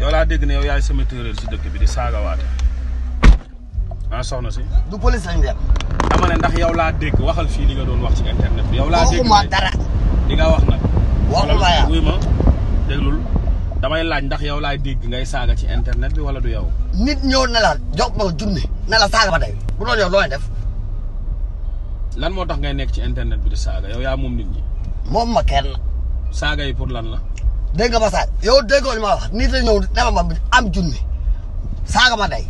yow laa dégg na yow yaay sama téeréer si dëkk bi di saagawaate ah soxna si. du police lañ dem. dama ne ndax yow laa dégg waxal fii li nga doon wax ci internet bi. yow laa dégg di nga wax nag. waxuma laaj ndax yow laay dégg ngay saaga ci internet bi wala du yow. nit ñëw ne la jox ma junni la saaga ba tey bu doon yow looy def. lan moo tax ngay nekk ci internet bi di saaga yow yaa moom nit ñi. moom ma kenn. saaga yi pour lan la. dégg nga Massar yow déggoo li ma wax nit la ñëw dama ma am junni saaga ma ndey.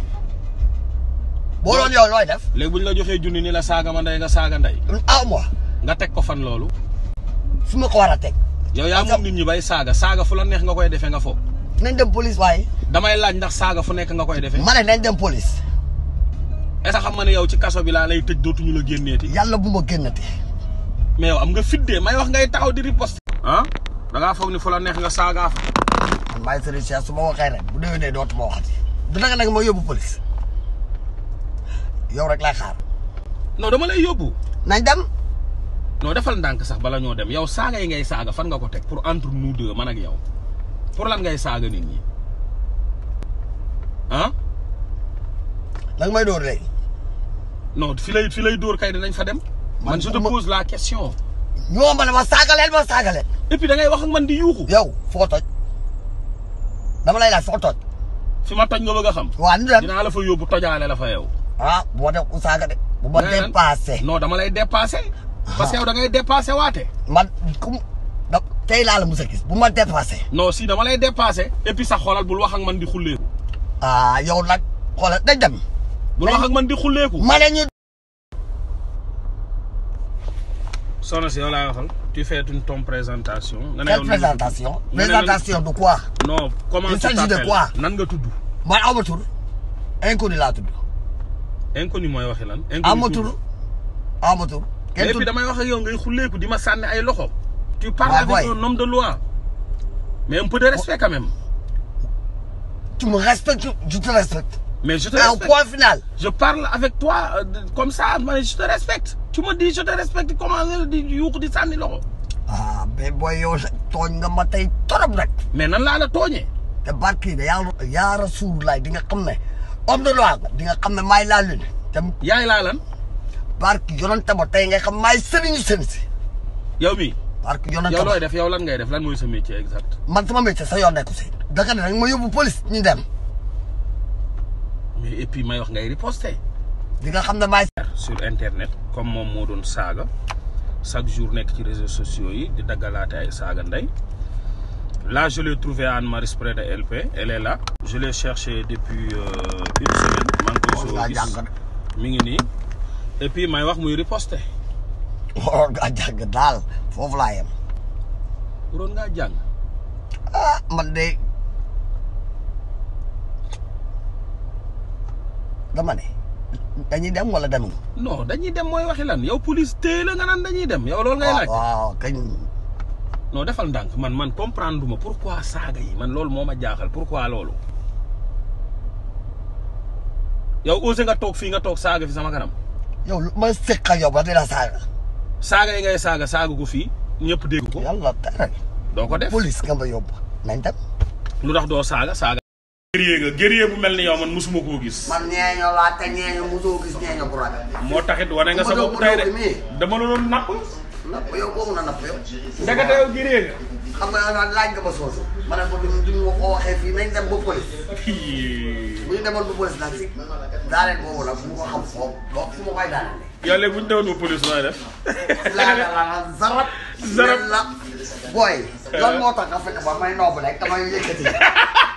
boo doon yow looy def. léegi bu ñu la joxee junni nii la saaga ma ndey nga saaga ndey. ah moi. nga teg ko fan loolu. fi ma ko war a teg. yow yaa moom nit ñi bay saaga saaga fu la neex nga koy defee nga foofu. nañ dem police waaye. damay laaj ndax saaga fu nekk nga koy defee. ma ne nañ dem police. est xam nga ne yow ci kaso bi laa lay tëj dootuñu la ti yàlla bu ma génnati. mais yow nga fiddee may wax ngay taxaw di riposte. da ngaa foog ni fu la neex nga saagaa fa man maay sëriñ Cheikh su ma waxee rek bu déwénee dootuma waxati dina nga nag ma yóbbu police yow rek lay xaar non dama lay yóbbu nañ dem no defal ndànk sax bala ñoo dem yow saaga yi ngay saaga fan nga ko teg pour entre nous deux man ak yow pour lan ngay saaga nit ñi ah lan may dóor léegi no fi lay fi lay dóor kay dinañ fa dem man je te pose la question ñoo ma ne ma saagaleel ma saagaleel. et puis da ngay wax man di yuuxu. yow foo toj dama lay laaj foo toj. fi ma toj nga bëgg a xam. waaw ni la dinaa la fa yóbbu tojaale la fa yow. ah bu ma def u saaga de. bu dama lay dépassé. parce ah. yow da ngay dépassé waate. man comme da tey laa la mos gis bu ma dépassé. non si dama lay dépassé. et sax xoolal bul wax ak man di xulleeku. ah yow nag xoolal dañ bul wax man di xulleeku. ma ne tu fais une ton présentation. quelle présentation. présentation de quoi. non comment tu t'appelles de quoi. nan nga tudd. man inconnu inconnu inconnu tu parles avec un homme de loi. mais un peu de respect quand même. tu me respectes je te respecte. mais je te respecte point final. je parle avec toi euh, comme ça je te respecte. tu me dis je te respecte comment di yuuxu di sànni loxo. ah mais booy yow sa tooñ nga ma tey torop rek. mais nan laa la tooñee. te barki da yaa yaa Rasulullah di nga xam ne homme de loi di nga xam ne maay laa leen. te yaay laa lan. barki yonante ba tey nga xam maay sëriñu sëriñ si. yow bi barki yonante yow looy def yow lan ngay def lan mooy sa métier exact. man sama métier sa yoon nekku si. daka ne rek ma yóbbu police ñu dem. mais et may wax ngay riposté. di nga xam sur internet comme mon mot chaque journée qui les réseaux sociaux De Dagalata et Saganday. là je l'ai trouvé à Anne-Marie de LP elle est là je l'ai cherché depuis euh, une semaine et puis may wax mouy riposte ah dañuy dem wala demu non dañuy dem moy waxi lan yow police téye la nga nan dañuy dem yow lol ngay ah, laaj waaw kañ non defal ndank man man comprendre ma pourquoi saga yi man lol moma ma jaaxal pourquoi lolou yow ose nga tok fi nga tok saga fi sama kanam yow ma sekka yow ba dina saga saga, yi ngay saga saga ko fi ñepp deg ko yalla dara do ko def police nga ba yob nañ tam lu tax do saga, saga. guerrier nga guerrier bu mel ni yow man mosuma koo gis. man ñeeño laa te ñeeño mosoo gis ñeeño bu rafet. moo taxit wane nga sa bopp tey de dama la doon napp. napp yow boobu na napp yow. ndekete yow guerrier nga. xam nga yow laaj nga ba soosu. ma ne ko duñ duñ ma ko waxee fii nañ dem ba police. bu ñu demoon ba police nag si daaneel boobu nag bu ko xam foofu boo fu ma koy daaneel. yow léegi bu ñu demoon ba police nooy def. laa la la zarab. zarab la booy. lan moo tax nga fekk ba may noobu rek damay yëkkati.